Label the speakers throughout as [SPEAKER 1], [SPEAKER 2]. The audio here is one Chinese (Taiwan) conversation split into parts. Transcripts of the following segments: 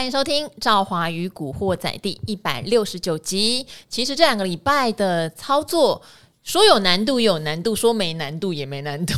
[SPEAKER 1] 歡迎收聽《趙華與古惑仔》第一百六十九集。其實這兩個禮拜的操作，說有難度有難度，說沒難度也沒難度。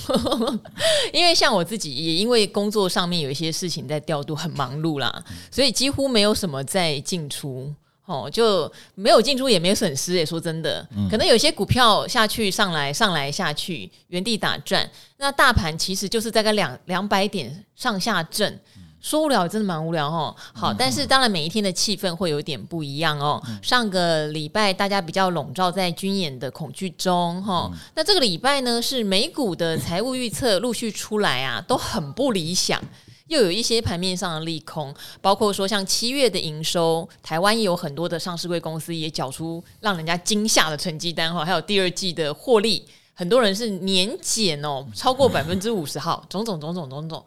[SPEAKER 1] 因為像我自己，也因為工作上面有一些事情在調度，很忙碌啦，所以幾乎沒有什麼在進出。哦，就沒有進出，也沒有損失、欸。也說真的、嗯，可能有些股票下去上來上來下去，原地打轉。那大盤其實就是在個兩兩百點上下震。說無聊真的蠻無聊哈，好，但是當然每一天的氣氛會有點不一樣哦。上個禮拜大家比較籠罩在軍演的恐懼中，那這個禮拜呢是美股的財務預測陸續出來啊，都很不理想，又有一些盤面上的利空，包括說像七月的營收，台灣也有很多的上市櫃公司也繳出讓人家驚嚇的成績單哈，還有第二季的獲利，很多人是年減哦，超過百分之五十哈，種種種種種種。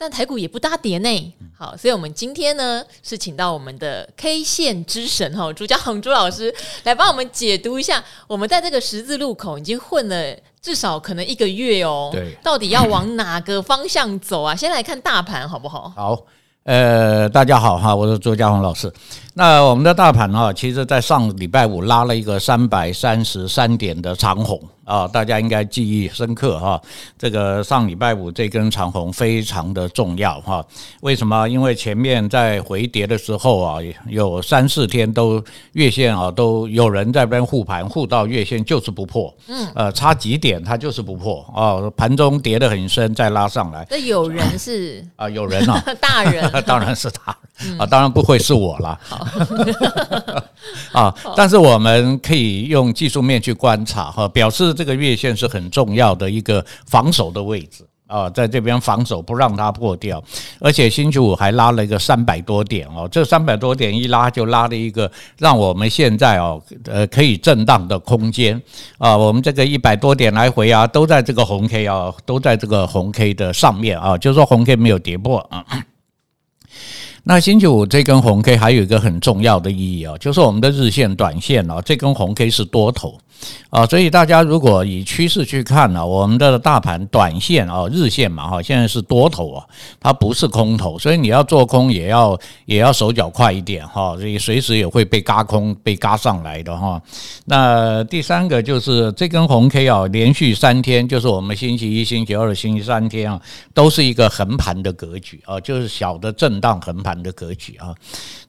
[SPEAKER 1] 但台股也不搭跌呢，好，所以我們今天呢是請到我們的 K 線之神哈朱家泓，朱老師來幫我們解讀一下，我們在這個十字路口已經混了至少可能一個月哦，對，到底要往哪個方向走啊？先來看大盤好不好？
[SPEAKER 2] 好，呃，大家好哈，我是朱家泓老師。那我們的大盤哈，其實，在上禮拜五拉了一個三百三十三點的長紅。啊，大家應該記憶深刻哈，這個上禮拜五這根長紅非常的重要哈。為什麼？因為前面在回跌的時候啊，有三四天都月線啊，都有人在邊護盤護到月線就是不破，嗯，呃，差幾點它就是不破啊。盤中跌得很深，再拉上來，那有人是啊，有人啊，大人當然是他啊，當然不會是我啦。啊，但是我們可以用技術面去觀察哈，表示。這個月線是很重要的一個防守的位置啊，在這邊防守不讓它破掉，而且星期五還拉了一個三百多點哦，這三百多點一拉就拉了一個讓我們現在哦呃可以震盪的空間啊，我們這個一百多點來回啊都在這個紅 K 啊都在這個紅 K 的上面啊，就是說紅 K 沒有跌破啊。那星期五這根紅 K 還有一個很重要的意義啊，就是我們的日線、短線啊，這根紅 K 是多頭。啊，所以大家如果以趨勢去看呢，我們的大盤短線啊、日線嘛，哈，現在是多頭啊，它不是空頭，所以你要做空也要也要手腳快一點哈，所以隨時也會被軋空、被軋上來的哈。那第三個就是這根紅 K 啊，連續三天，就是我們星期一、星期二、星期三天啊，都是一個橫盤的格局啊，就是小的震盪橫盤的格局啊。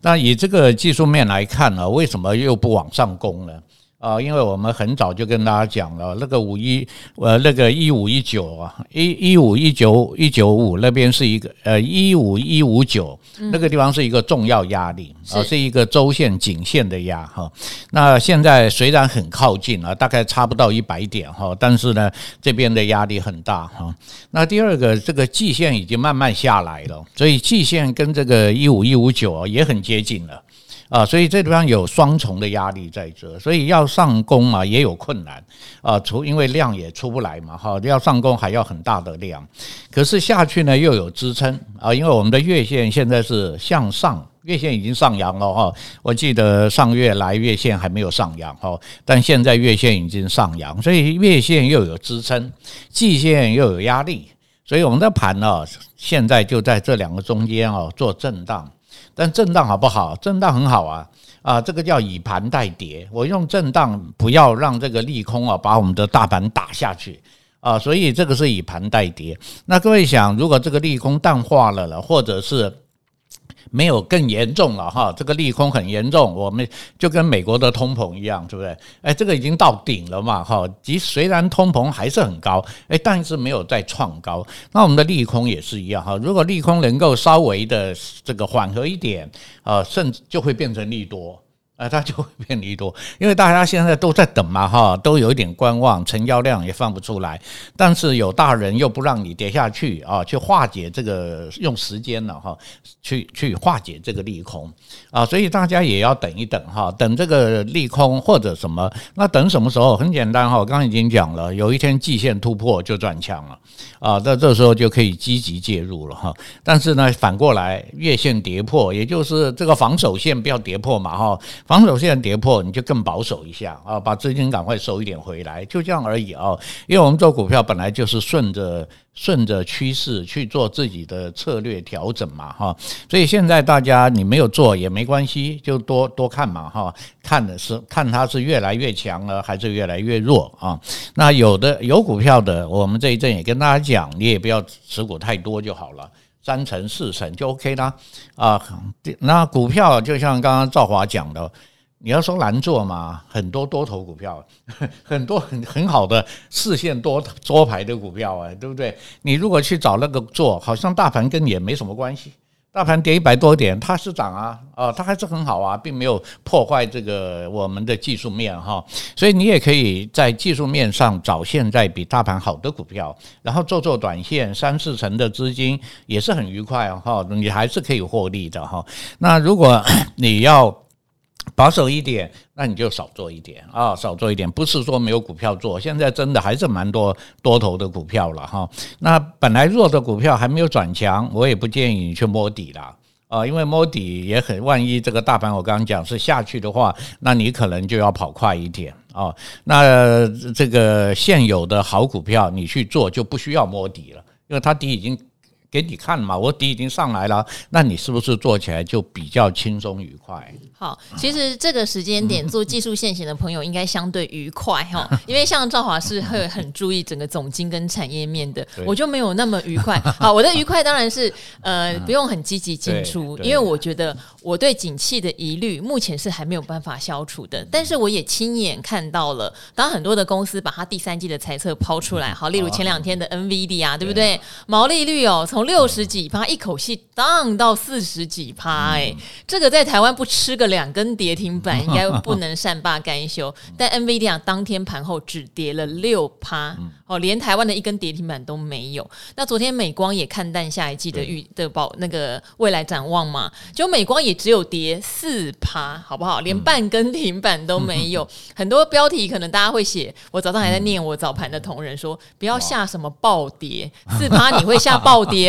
[SPEAKER 2] 那以這個技術面來看呢，為什麼又不往上攻呢？啊，因為我們很早就跟大家講了，那個五一，呃，那個一五一九啊，一一五一九一九五那邊是一個呃一五一五九那個地方是一個重要壓力啊、嗯，是一個週線頸線的壓哈，那現在雖然很靠近了，大概差不到一百點哈，但是呢，這邊的壓力很大哈。那第二個，這個季線已經慢慢下來了，所以季線跟這個一五一五九啊也很接近了。啊，所以這地方有雙重的壓力在這，所以要上攻嘛也有困難啊，除因為量也出不來嘛哈，要上攻還要很大的量，可是下去呢又有支撐啊，因為我們的月線現在是向上，月線已經上揚了哈，我記得上月來月線還沒有上揚哈，但現在月線已經上揚，所以月線又有支撐，季線又有壓力，所以我們的盤呢現在就在這兩個中間哦做震盪。但震盪好不好？震盪很好啊！啊，這個叫以盤代跌。我用震盪，不要讓這個利空啊把我們的大盤打下去啊！所以這個是以盤代跌。那各位想，如果這個利空淡化了了，或者是？沒有更嚴重了哈，這個利空很嚴重，我們就跟美國的通膨一樣，對不對？哎，這個已經到頂了嘛哈，即雖然通膨還是很高，哎，但是沒有再創高。那我們的利空也是一樣哈，如果利空能夠稍微的這個緩和一點啊，甚至就會變成利多。啊，它就會變利多，因為大家現在都在等嘛，哈，都有一點觀望，成交量也放不出來，但是有大人又不讓你跌下去啊，去化解這個用時間了哈，去去化解這個利空啊，所以大家也要等一等哈，等這個利空或者什麼，那等什麼時候？很簡單哈，我剛剛已經講了，有一天季線突破就轉強了啊，在這時候就可以積極介入了哈，但是呢，反過來月線跌破，也就是這個防守線不要跌破嘛，哈。防守線跌破，你就更保守一下啊，把資金趕快收一點回來，就這樣而已啊。因為我們做股票本來就是順着順着趨勢去做自己的策略調整嘛，哈。所以現在大家你沒有做也沒關係，就多多看嘛，哈，看的是看它是越來越強了還是越來越弱啊。那有的有股票的，我們這一陣也跟大家講，你也不要持股太多就好了。三成四成就 OK 啦，啊，那股票就像剛剛趙華講的，你要說難做嘛，很多多頭股票，很多很很好的四線多頭排列的股票啊，對不對？你如果去找那個做，好像大盤跟你也沒什麼關係。大盤跌一百多點，它是漲啊，啊，它還是很好啊，並沒有破壞這個我們的技術面哈，所以你也可以在技術面上找現在比大盤好的股票，然後做做短線，三四成的資金也是很愉快哈，你還是可以獲利的哈。那如果你要，保守一點，那你就少做一點啊、哦，少做一點，不是說沒有股票做，現在真的還是蠻多多頭的股票了哈、哦。那本來弱的股票還沒有轉強，我也不建議你去摸底了啊、哦，因為摸底也很，萬一這個大盤我剛剛講是下去的話，那你可能就要跑快一點啊、哦。那這個現有的好股票你去做就不需要摸底了，因為它底已經。給你看嘛，我底已經上來了，那你是不是做起來就比較輕鬆愉快？
[SPEAKER 1] 好，其實這個時間點做技術線型的朋友應該相對愉快哈、哦， 因為像趙華是會很注意整個總經跟產業面的， 我就沒有那麼愉快。 好，我的愉快當然是呃 不用很積極進出， 因為我覺得我對景氣的疑慮目前是還沒有辦法消除的，但是我也親眼看到了，當很多的公司把它第三季的財測拋出來，好，例如前兩天的 NVD 啊，對不對？毛利率哦。從六十幾趴一口氣盪到四十幾趴，哎、欸，這個在台灣不吃個兩根跌停板，應該不能善罷甘休。但 NVIDIA 啊，當天盤後只跌了六趴，哦，連台灣的一根跌停板都沒有。那昨天美光也看淡下一季的預的報，那個未來展望嘛，就美光也只有跌四趴，好不好？連半根停板都沒有。很多標題可能大家會寫，我早上還在念我早盤的同仁說，不要下什麼暴跌，四趴你會下暴跌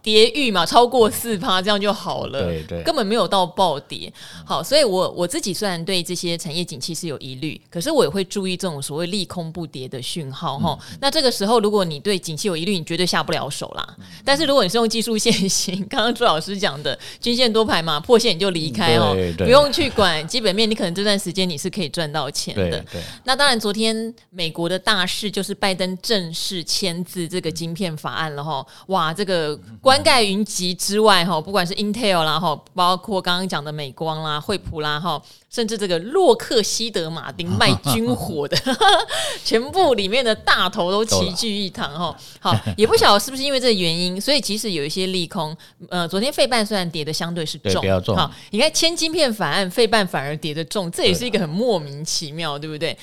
[SPEAKER 1] 跌遇嘛，超過四趴這樣就好了，對對，根本沒有到暴跌。好，所以我我自己雖然對這些產業景氣是有疑慮，可是我也會注意這種所謂利空不跌的訊號哈、嗯。那這個時候，如果你對景氣有疑慮，你絕對下不了手啦。嗯、但是如果你是用技術線型，剛剛朱老師講的，均線多排嘛，破線你就離開哦、喔嗯，不用去管 基本面，你可能這段時間你是可以賺到錢的。那當然，昨天美國的大事就是拜登正式簽字這個晶片法案了哈，哇，這個關。冠蓋雲集之外，哈，不管是 Intel 啦，哈，包括剛剛講的美光啦、惠普啦，哈，甚至這個洛克希德馬丁賣軍火的，啊啊啊，全部裡面的大頭都齊聚一堂，哈。好，也不曉得是不是因為這個原因，所以即使有一些利空，呃，昨天費半雖然跌的相對是重，對重，好，你看簽晶片法案，費半反而跌的重，這也是一個很莫名其妙，對不對？對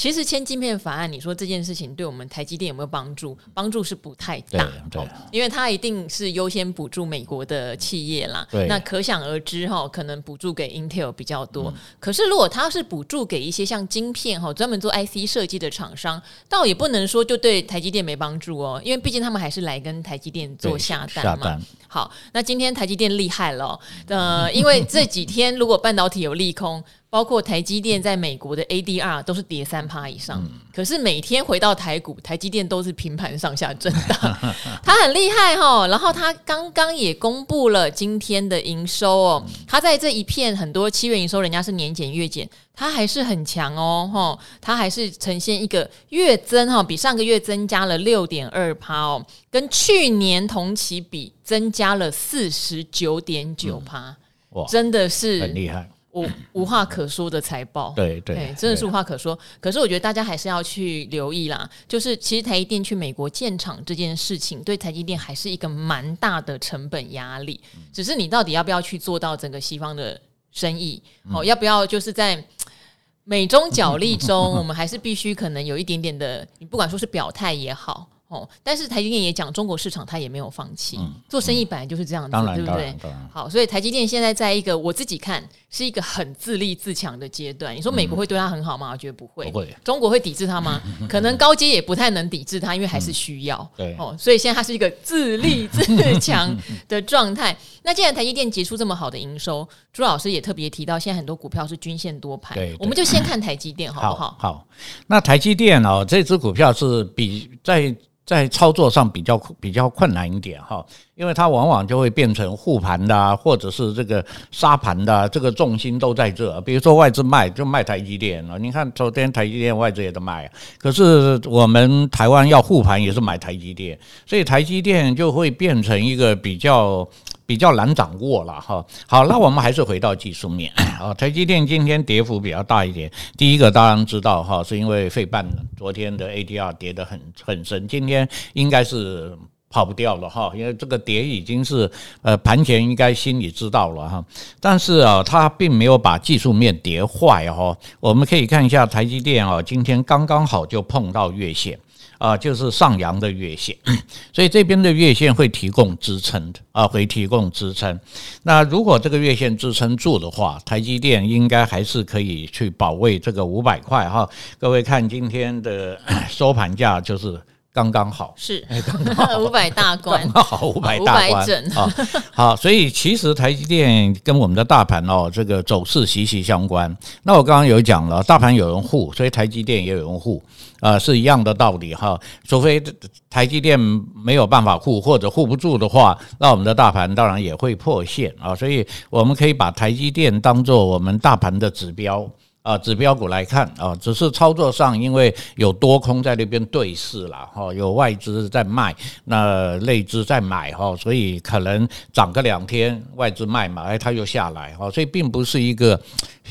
[SPEAKER 1] 其實簽晶片法案，你說這件事情對我們台積電有沒有幫助？幫助是不太大，對，對，因為它一定是優先補助美國的企業啦。對，那可想而知哈、哦，可能補助給 Intel 比較多、嗯。可是如果它是補助給一些像晶片哈、哦，專門做 IC 設計的廠商，倒也不能說就對台積電沒幫助哦，因為畢竟他們還是來跟台積電做下單嘛。單。好，那今天台積電厲害了、哦，呃，因為這幾天如果半導體有利空。 包括台積電在美國的 ADR 都是跌三趴以上，嗯，可是每天回到台股，台積電都是平盤上下震盪，他 很厲害哦！然後他剛剛也公布了今天的營收哦，他、嗯、在這一片很多七月營收，人家是年減月減，他還是很強哦他、哦、還是呈現一個月增哈、哦，比上個月增加了六點二趴哦，跟去年同期比增加了四十九點九趴，哇，真的是很厲害。無無話可說的財報，對對，對，真的是無話可說。可是我覺得大家還是要去留意啦，就是其實台積電去美國建廠這件事情，對台積電還是一個蠻大的成本壓力、嗯。只是你到底要不要去做到整個西方的生意？嗯、哦，要不要就是在美中角力中，嗯、我們還是必須可能有一點點的，你不管說是表態也好。哦，但是台積電也講中國市場，它也沒有放棄。做生意本來就是這樣子，嗯嗯當然當然，對不對？好，所以台積電現在在一個我自己看是一個很自立自強的階段。你說美國會對他很好嗎？嗯、我覺得不會，不會。中國會抵制他嗎？嗯、可能高階也不太能抵制他，因為還是需要。嗯、對哦，所以現在它是一個自立自強的狀態。嗯、 那既然台積電結束這麼好的營收，朱老師也特別提到，現在很多股票是均線多排，對，我們就先看台積電好不好、嗯、好？
[SPEAKER 2] 好，那台積電哦，這隻股票是比。在在操作上比較比較困難一點哈，因為它往往就會變成護盤的，或者是這個殺盤的，這個重心都在這。比如說外資賣，就賣台積電了。你看昨天台積電外資也在賣，可是我們台灣要護盤也是買台積電，所以台積電就會變成一個比較。比較難掌握了哈，好，那我們還是回到技術面啊。台積電今天跌幅比較大一點，第一個當然知道哈，是因為費半昨天的 ADR 跌得很很深，今天應該是跑不掉了哈，因為這個跌已經是呃盤前應該心裡知道了哈，但是啊，它並沒有把技術面跌壞哈，我們可以看一下台積電啊，今天剛剛好就碰到月線。啊，就是上揚的月線，所以這邊的月線會提供支撐的啊，會提供支撐。那如果這個月線支撐住的話，台積電應該還是可以去保衛這個五百塊哈。各位看今天的收盤價就是。剛剛好是，
[SPEAKER 1] 剛剛好五百大關，好
[SPEAKER 2] 五百大關整啊，好，所以其實台積電跟我們的大盤哦，這個走勢息息相關。那我剛剛有講了，大盤有人護，所以台積電也有人護，啊，是一樣的道理哈。除非台積電沒有辦法護或者護不住的話，那我們的大盤當然也會破線啊。所以我們可以把台積電當做我們大盤的指標。啊，指標股來看啊，只是操作上，因為有多空在那邊對峙了哈，有外資在賣，那內資在買哈，所以可能漲個兩天，外資賣嘛，哎，它又下來哈，所以並不是一個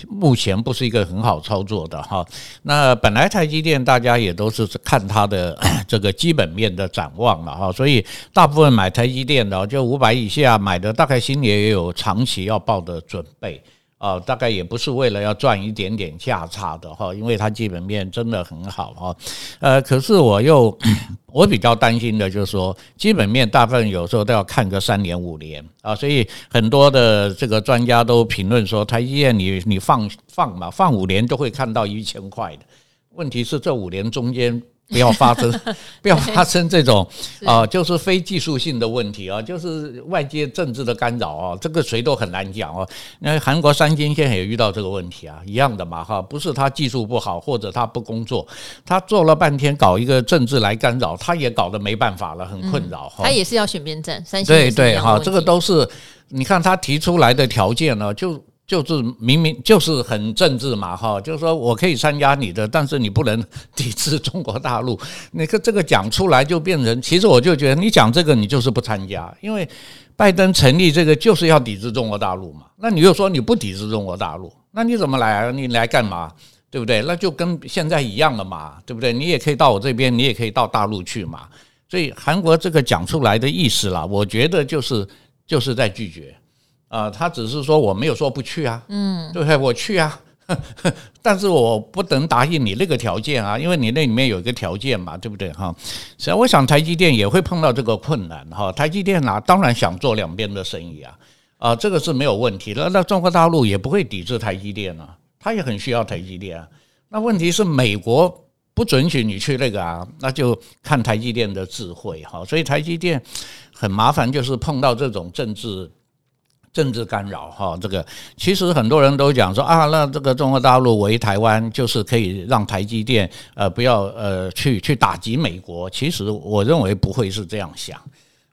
[SPEAKER 2] 目前不是一個很好操作的哈。那本來台積電大家也都是看它的這個基本面的展望了哈，所以大部分買台積電的就五百以下買的，大概心裡也有長期要抱的準備。啊、哦，大概也不是為了要賺一點點價差的哈，因為它基本面真的很好哈，呃，可是我又我比較擔心的就是說，基本面大部分有時候都要看個三年五年啊，所以很多的這個專家都評論說，他建議你你放放嘛，放五年都會看到一千塊的。問題是這五年中間。 不要發生，不要發生這種啊、呃，就是非技術性的問題啊、哦，就是外界政治的干擾啊、哦，這個誰都很難講哦。那韓國三星現在也遇到這個問題啊，一樣的嘛哈，不是他技術不好或者他不工作，他做了半天搞一個政治來干擾，他也搞得沒辦法了，很困擾、哦嗯。他也
[SPEAKER 1] 是要選邊站，三星對對哈、哦，這個
[SPEAKER 2] 都是你看他提出來的條件呢、哦，就。就是明明就是很政治嘛，哈，就是說我可以參加你的，但是你不能抵制中國大陸。那個這個講出來就變成，其實我就覺得你講這個你就是不參加，因為拜登成立這個就是要抵制中國大陸嘛。那你又說你不抵制中國大陸，那你怎麼來啊？你來幹嘛？對不對？那就跟現在一樣了嘛，對不對？你也可以到我這邊，你也可以到大陸去嘛。所以韓國這個講出來的意思啦，我覺得就是就是在拒絕。啊、呃，他只是說我沒有說不去啊，對，嗯，對，我去啊， 但是我不能答應你那個條件啊，因為你那裡面有一個條件嘛，對不對哈？實際上，我想台積電也會碰到這個困難哈、哦。台積電啊，當然想做兩邊的生意啊，啊，這個是沒有問題的。那那中國大陸也不會抵制台積電啊，他也很需要台積電、啊。那問題是美國不准許你去那個啊，那就看台積電的智慧哈、哦。所以台積電很麻煩，就是碰到這種政治政治干擾，哈，這個其實很多人都講說啊，那這個中國大陸圍台灣，就是可以讓台積電呃不要呃去去打擊美國。其實我認為不會是這樣想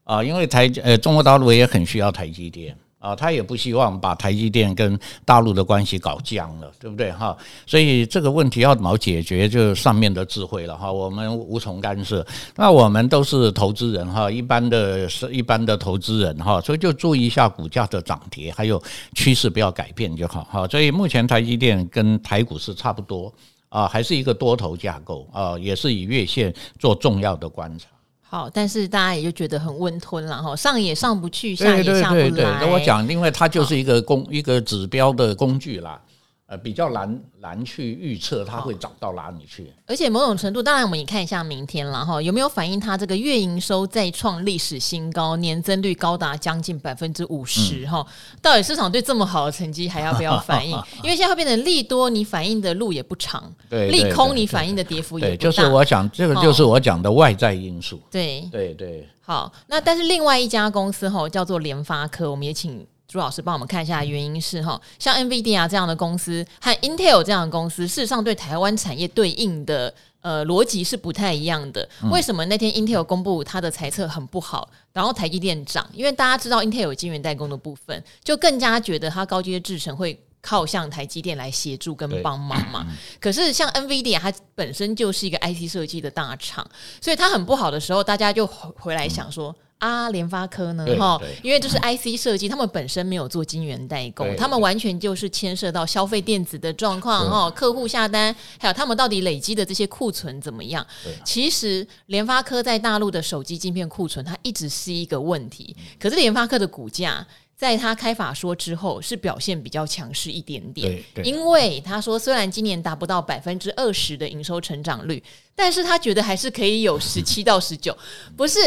[SPEAKER 2] 啊，因為台呃中國大陸也很需要台積電。啊，他也不希望把台積電跟大陸的關係搞僵了，對不對哈？所以這個問題要怎麼解決，就上面的智慧了哈。我們無從干涉。那我們都是投資人哈，一般的是一般的投資人哈，所以就注意一下股價的漲跌，還有趨勢不要改變就好哈。所以目前台積電跟台股是差不多啊，還是一個多頭架構啊，也是以月線做重要的觀察。
[SPEAKER 1] 好，但是大家也就覺得很溫吞了哈，上也上不去，下也下不來。對對對對，那我講，
[SPEAKER 2] 另外它就是一個工一個指標的工具啦。呃，比較難難去預測它會漲到哪裡去，
[SPEAKER 1] 而且某種程度，當然我們也看一下明天了哈，有沒有反映它這個月營收再創歷史新高，年增率高達將近百分之五十哈？到底市場對這麼好的成績還要不要反應？因為現在會變成利多，你反應的路也不長，對對對對，利空你反應的跌幅也不大，對對對對。就是我
[SPEAKER 2] 想，這個就是我講的外在因素。對。對對對，
[SPEAKER 1] 好，那但是另外一家公司哈，叫做聯發科，我們也請。朱老師幫我們看一下，原因是哈，像 NVIDIA 啊這樣的公司，和 Intel 這樣的公司，事實上對台灣產業對應的呃邏輯是不太一樣的。為什麼那天 Intel 公布它的財測很不好，然後台積電漲？因為大家知道 Intel 有晶圓代工的部分，就更加覺得它高階製程會靠向台積電來協助跟幫忙嘛。嗯、可是像 NVIDIA 它本身就是一個 IC 設計的大廠，所以它很不好的時候，大家就回來想說。嗯啊，聯發科呢？哈，因為這是 IC 設計，他們本身沒有做晶圓代工，他們完全就是牽涉到消費電子的狀況哦，客戶下單，還有他們到底累積的這些庫存怎麼樣？其實聯發科在大陸的手機晶片庫存，它一直是一個問題。可是聯發科的股價，在它開法說之後，是表現比較強勢一點點。因為他說，雖然今年達不到百分之二十的營收成長率，但是他覺得還是可以有十七到十九，不是？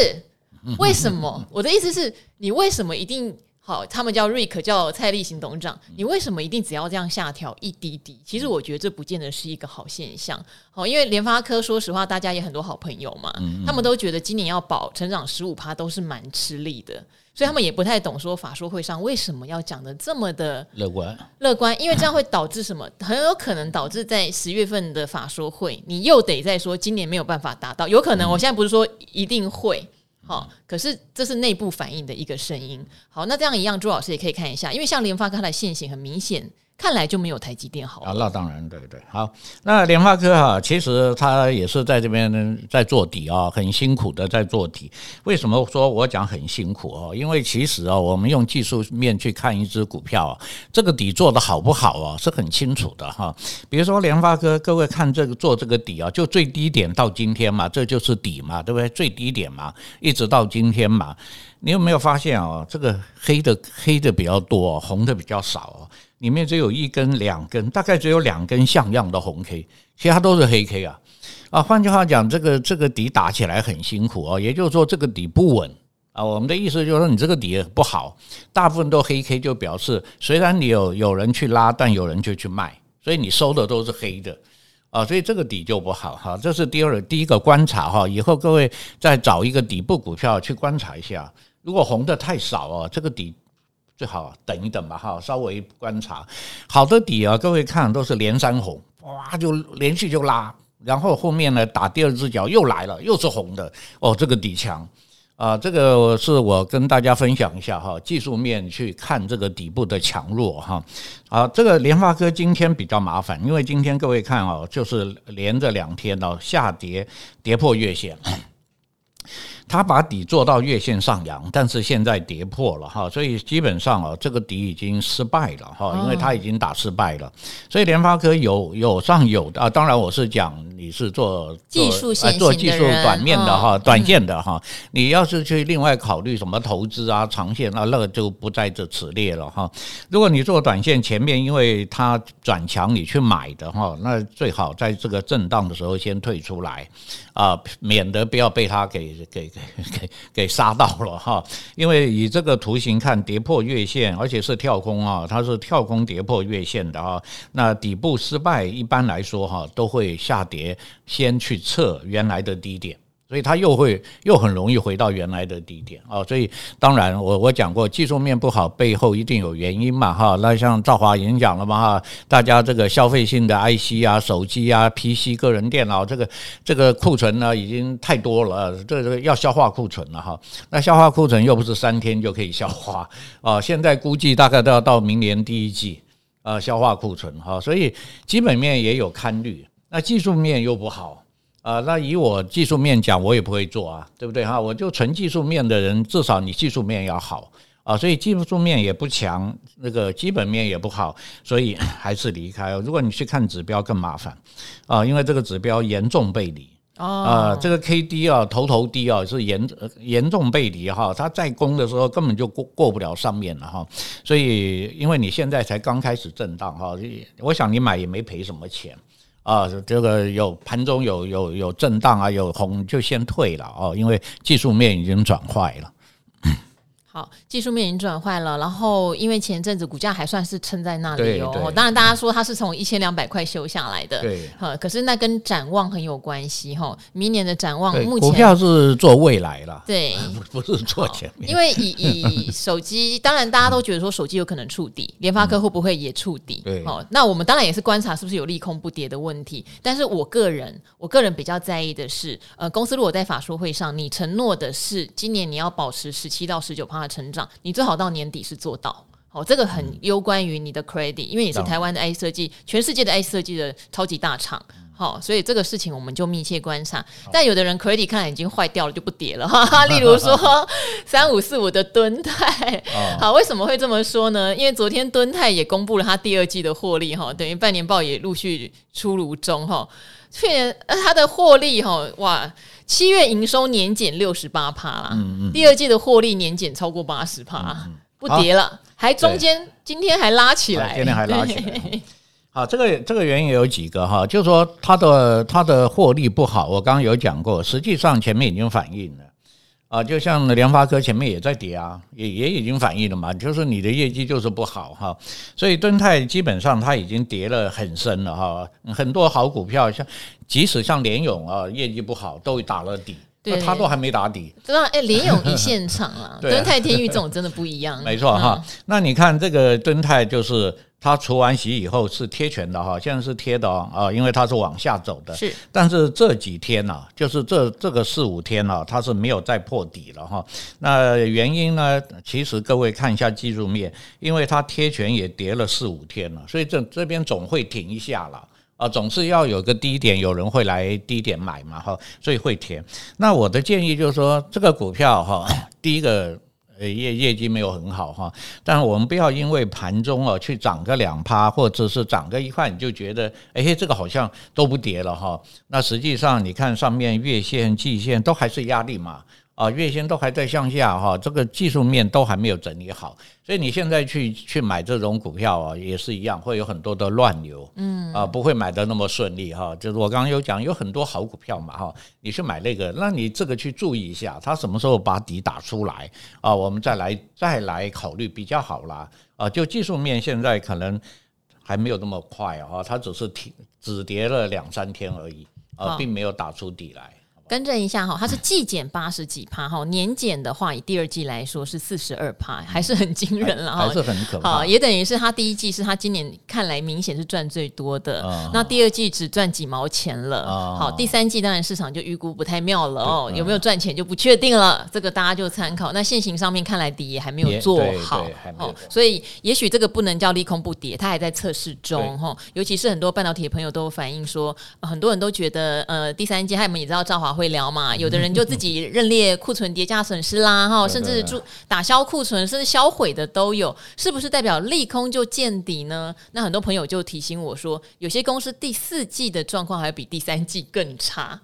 [SPEAKER 1] 為什麼？我的意思是，你為什麼一定好？他們叫瑞克，叫蔡力行董事長。你為什麼一定只要這樣下調一滴滴？其實我覺得這不見得是一個好現象。好，因為聯發科，說實話，大家也很多好朋友嘛，他們都覺得今年要保成長十五趴都是蠻吃力的，所以他們也不太懂說法說會上為什麼要講得這麼的樂觀。樂觀，因為這樣會導致什麼？很有可能導致在十月份的法說會，你又得再說今年沒有辦法達到。有可能，我現在不是說一定會。好、哦，可是這是內部反應的一個聲音。好，那這樣一樣，朱老師也可以看一下，因為像聯發科它的線型很明顯。看來就沒有台積電好
[SPEAKER 2] 了啊，那當然，對對，對，好，那聯發科哈、啊，其實他也是在這邊在做底啊、哦，很辛苦的在做底。為什麼說我講很辛苦哦，因為其實啊、哦，我們用技術面去看一只股票、哦，這個底做得好不好啊、哦，是很清楚的哈、哦。比如說聯發科，各位看這個做這個底啊、哦，就最低點到今天嘛，這就是底嘛，對不對？最低點嘛，一直到今天嘛，你有沒有發現啊、哦？這個黑的黑的比較多，紅的比較少、哦。裡面只有一根、兩根，大概只有兩根像樣的紅 K，其他都是黑 K 啊。啊，換句話講，這個這個底打起來很辛苦哦，也就是說，這個底不穩啊。我們的意思就是說，你這個底也不好，大部分都黑 K 就表示，雖然你有有人去拉，但有人就去賣，所以你收的都是黑的啊。所以這個底就不好哈、啊。這是第二，第一個觀察哈、哦。以後各位再找一個底部股票去觀察一下，如果紅的太少哦，這個底。最好等一等吧，哈，稍微觀察。好的底啊，各位看都是連三紅，哇，就連續就拉，然後後面呢打第二隻腳又來了，又是紅的，哦，這個底強啊，呃，這個是我跟大家分享一下哈，技術面去看這個底部的強弱哈。啊，呃，這個聯發科今天比較麻煩，因為今天各位看哦，就是連着兩天的，哦，下跌，跌破月線。他把底做到月線上揚，但是現在跌破了哈，所以基本上啊，這個底已經失敗了哈，因為他已經打失敗了。哦、所以聯發科有有上有的啊，當然我是講你是做技術做技術短線的哈、哦，短線的哈，你要是去另外考慮什麼投資啊、長線啊，那個就不在這此列了哈。如果你做短線前面因為他轉強你去買的哈，那最好在這個震盪的時候先退出來啊、呃，免得不要被他給給。給給殺到了哈，因為以這個圖形看，跌破月線，而且是跳空啊，它是跳空跌破月線的啊。那底部失敗，一般來說哈，都會下跌，先去測原來的低點。所以它又會又很容易回到原來的地點哦，所以當然我我講過，技術面不好，背後一定有原因嘛哈。那像趙華已經講了嘛哈，大家這個消費性的 IC 啊、手機啊、PC 個人電腦這個這個庫存呢已經太多了，這這個要消化庫存了哈。那消化庫存又不是三天就可以消化啊，現在估計大概都要到明年第一季啊，消化庫存哈，所以基本面也有堪慮，那技術面又不好，啊、呃，那以我技術面講，我也不會做啊，對不對哈？我就純技術面的人，至少你技術面要好啊、呃，所以技術面也不強，那個基本面也不好，所以還是離開。如果你去看指標更麻煩啊、呃，因為這個指標嚴重背離啊、哦呃，這個 KD 啊，頭頭低啊，是嚴、呃、嚴重背離哈，它在攻的時候根本就過過不了上面了哈，所以因為你現在才剛開始震盪哈，我想你買也沒賠什麼錢。啊、哦，這個有盤中有有有震盪啊，有紅就先退了啊、哦，因為技術面已經轉壞了。
[SPEAKER 1] 好，技術面已經轉換了，然後因為前一陣子股價還算是撐在那裡哦。當然，大家說它是從一千兩百塊修下來的，對。哈，可是那跟展望很有關係哈。明年的展望，目前股票
[SPEAKER 2] 是做未來了，對，不是做前面。因為以以
[SPEAKER 1] 手機， 當然大家都覺得說手機有可能觸底，聯發科會不會也觸底？嗯、對。哦，那我們當然也是觀察是不是有利空不跌的問題。但是我個人，我個人比較在意的是，呃，公司如果在法說會上你承諾的是今年你要保持十七到十九趴。成長，你最好到年底是做到，好、哦，這個很攸關於你的 credit，因為你是台灣的 IC 設計，全世界的 IC 設計的超級大廠，好、哦，所以這個事情我們就密切觀察。但有的人 credit 看來已經壞掉了，就不跌了，哈哈，例如說三五四五的敦泰， 好，為什麼會這麼說呢？因為昨天敦泰也公布了他第二季的獲利，哈，等於半年報也陸續出爐中，哈，去年他的獲利，哈，哇。七月營收年減六十八帕啦，嗯嗯第二季的獲利年減超過八十帕，不跌了，還中間今天還拉起來，今天還拉起來。起來
[SPEAKER 2] 好，這個這個原因有幾個哈，就是說它的它的獲利不好，我剛剛有講過，實際上前面已經反映了。啊，就像聯發科前面也在跌啊，也也已經反映了嘛，就是你的業績就是不好哈，所以敦泰基本上它已經跌了很深了哈，很多好股票像即使像聯詠啊，業績不好都打了底。對他都還沒打底，
[SPEAKER 1] 知道、啊，哎，連勇一現場啊，敦、 啊、泰天玉總真的不一樣，沒錯哈、嗯。
[SPEAKER 2] 那你看這個敦泰，就是他除完息以後是貼權的哈，現在是貼的啊，因為它是往下走的。是，但是這幾天吶，就是這這個四五天啊，它是沒有再破底了哈。那原因呢？其實各位看一下技術面，因為它貼權也跌了四五天了，所以這這邊總會停一下了。啊，總是要有個低點，有人會來低點買嘛，哈，所以會填。那我的建議就是說，這個股票哈，第一個呃業業績沒有很好哈，但我們不要因為盤中啊去漲個兩趴，或者是漲個一塊，你就覺得哎，這個好像都不跌了哈。那實際上你看上面月線、季線都還是壓力嘛。啊，月線都還在向下哈，這個技術面都還沒有整理好，所以你現在去去買這種股票啊，也是一樣，會有很多的亂流，嗯，啊，不會買得那麼順利哈、啊。就是我剛剛有講，有很多好股票嘛哈、啊，你去買那個，那你這個去注意一下，它什麼時候把底打出來啊？我們再來再來考慮比較好啦。啊，就技術面現在可能還沒有那麼快啊，它只是停，只跌了兩三天而已啊、哦，並沒有打出底來。
[SPEAKER 1] 更正一下哈，它是季減八十幾趴。哈，年減的話以第二季來說是四十二趴，還是很驚人了哈，還是很可怕。好，也等於是他第一季是他今年看來明顯是賺最多的，啊、那第二季只賺幾毛錢了、啊。好，第三季當然市場就預估不太妙了哦、啊，有沒有賺錢就不確定了、啊，這個大家就參考。那線型上面看來底也還沒有做好，對對，還沒有做，哦，所以也許這個不能叫利空不跌，它還在測試中哦，尤其是很多半導體的朋友都有反映說、呃，很多人都覺得呃第三季，他們也，也知道趙華。會聊嘛？有的人就自己認列庫存跌價損失啦，哈， 甚至打消庫存，甚至銷毀的都有，是不是代表利空就見底呢？那很多朋友就提醒我說，有些公司第四季的狀況還比第三季更差，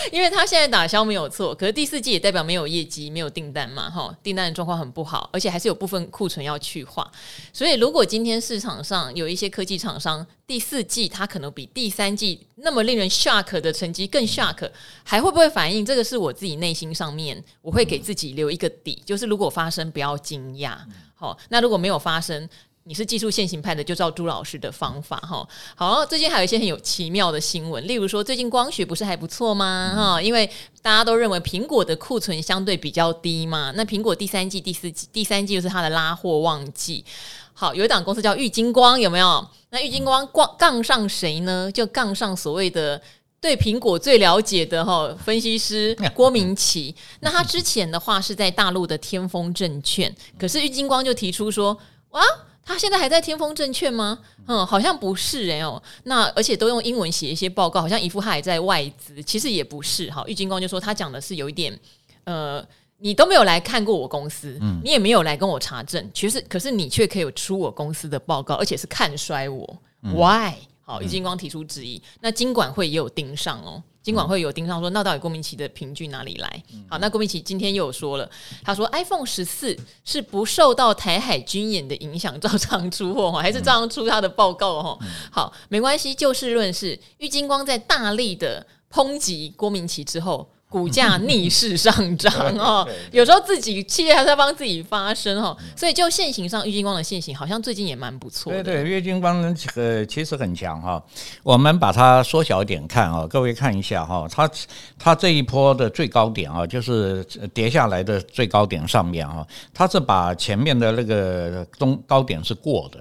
[SPEAKER 1] 因為他現在打消沒有錯，可是第四季也代表沒有業績、沒有訂單嘛，哈、哦，訂單的狀況很不好，而且還是有部分庫存要去化，所以如果今天市場上有一些科技廠商。第四季它可能比第三季那麼令人 shock 的成績更 shock，還會不會反應？這個是我自己內心上面，我會給自己留一個底，嗯、就是如果發生不要驚訝。好、嗯哦，那如果沒有發生，你是技術線型派的，就照朱老師的方法哈、哦。好，最近還有一些很有奇妙的新聞，例如說最近光學不是還不錯嗎？哈、嗯，因為大家都認為蘋果的庫存相對比較低嘛。那蘋果第三季、第四季，第三季就是它的拉貨旺季。好，有一檔公司叫玉晶光，有沒有？那玉晶光光槓上誰呢？就槓上所謂的對蘋果最了解的哈分析師郭明錤。那他之前的話是在大陸的天風證券，可是玉晶光就提出說哇，他現在還在天風證券嗎？嗯，好像不是哎、欸、哦、喔。那而且都用英文寫一些報告，好像一副他還在外資，其實也不是。哈，玉晶光就說他講的是有一點呃。你都沒有來看過我公司，嗯、你也沒有來跟我查證，其實可是你卻可以出我公司的報告，而且是看衰我、
[SPEAKER 2] 嗯、Why？
[SPEAKER 1] 好，玉晶光提出質疑、嗯，那金管會也有盯上哦，金管會有盯上說、嗯，那到底郭明錤的憑據哪裡來？好，那郭明錤今天又說了，他說 iPhone 十四是不受到台海軍演的影響，照常出貨還是照常出他的報告哦、嗯，好，沒關係，就事、是、論事，玉晶光在大力的抨擊郭明錤之後。股價逆勢上漲、嗯、哦，有時候自己企業還在幫自己發聲哦，所以就線型上，玉晶光的線型好像最近也蠻不錯。對對，
[SPEAKER 2] 玉晶光，呃，其實很強哈。我們把它縮小一點看哦，各位看一下哈，它它這一波的最高點啊，就是跌下來的最高點上面啊，它是把前面的那個中高點是過的。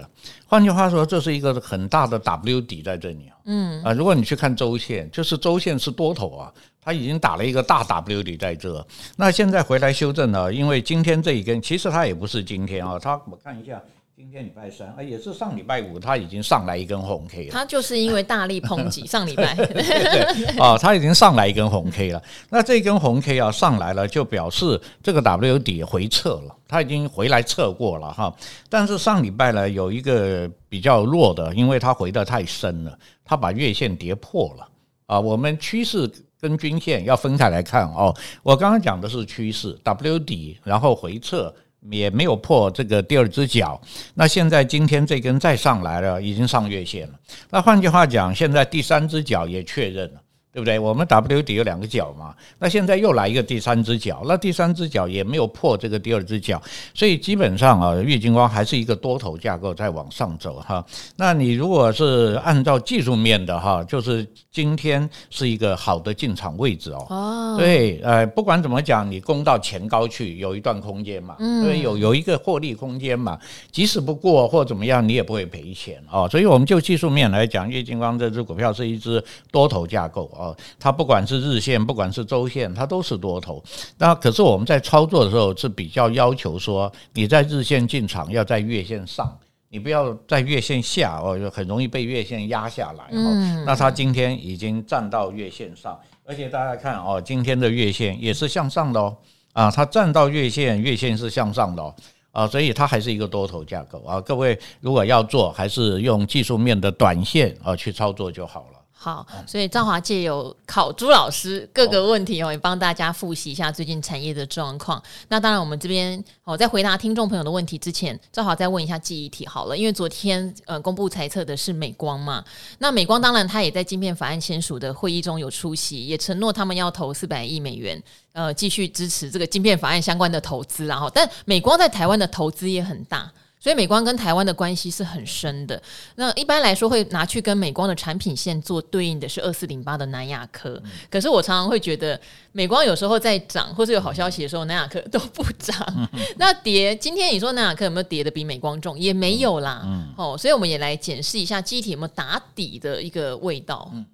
[SPEAKER 2] 換句話說，這是一個很大的 W 底在這裡啊。嗯啊，如果你去看周線，就是周線是多頭啊，它已經打了一個大 W 底在這。那現在回來修正了，因為今天這一根其實它也不是今天啊，它我看一下。今天禮拜三，也是上禮拜五，他已經上來一根紅 K 了。他
[SPEAKER 1] 就是因為大力抨擊上禮拜， 對，對，對，
[SPEAKER 2] 他已經上來一根紅 K 了。那這一根紅 K 要上來了，就表示這個 W 底回撤了，他已經回來測過了哈。但是上禮拜呢，有一個比較弱的，因為它回的太深了，它把月線跌破了啊。我們趨勢跟均線要分開來看哦。我剛剛講的是趨勢 W 底，然後回撤。也沒有破這個第二隻腳，那現在今天這根再上來了，已經上月線了。那換句話講，現在第三只腳也確認了。對不對？我們 W 底有兩個腳嘛，那現在又來一個第三隻腳，那第三隻腳也沒有破這個第二隻腳，所以基本上啊，玉晶光還是一個多頭架構在往上走哈。那你如果是按照技術面的哈，就是今天是一個好的進場位置哦。哦、oh.。對，呃，不管怎麼講，你攻到前高去，有一段空間嘛，所以有有一個獲利空間嘛。即使不過或怎麼樣，你也不會賠錢啊。所以我們就技術面來講，玉晶光這隻股票是一隻多頭架構哦，它不管是日線，不管是周線，它都是多頭。那可是我們在操作的時候是比較要求說，你在日線進場要在月線上，你不要在月線下哦，很容易被月線壓下來。那它今天已經站到月線上，而且大家看哦，今天的月線也是向上的哦。啊，它站到月線，月線是向上的啊，所以它還是一個多頭架構啊。各位如果要做，還是用技術面的短線啊去操作就好了。
[SPEAKER 1] 好，所以趙華借由考朱老師各個問題哦，也幫大家複習一下最近產業的狀況。那當然，我們這邊我在回答聽眾朋友的問題之前，趙華再問一下記憶體好了，因為昨天呃公布猜測的是美光嘛。那美光當然，他也在晶片法案簽署的會議中有出席，也承諾他們要投四百億美元，呃，繼續支持這個晶片法案相關的投資。然後，但美光在台灣的投資也很大。所以美光跟台灣的關係是很深的。那一般來說，會拿去跟美光的產品線做對應的是二四零八的南亞科、嗯。可是我常常會覺得，美光有時候在漲，或是有好消息的時候，嗯、南亞科都不漲、嗯。那跌，今天你說南亞科有沒有跌得比美光重？也沒有啦。嗯、哦，所以我們也來檢視一下記憶體有沒有打底的一個味道。嗯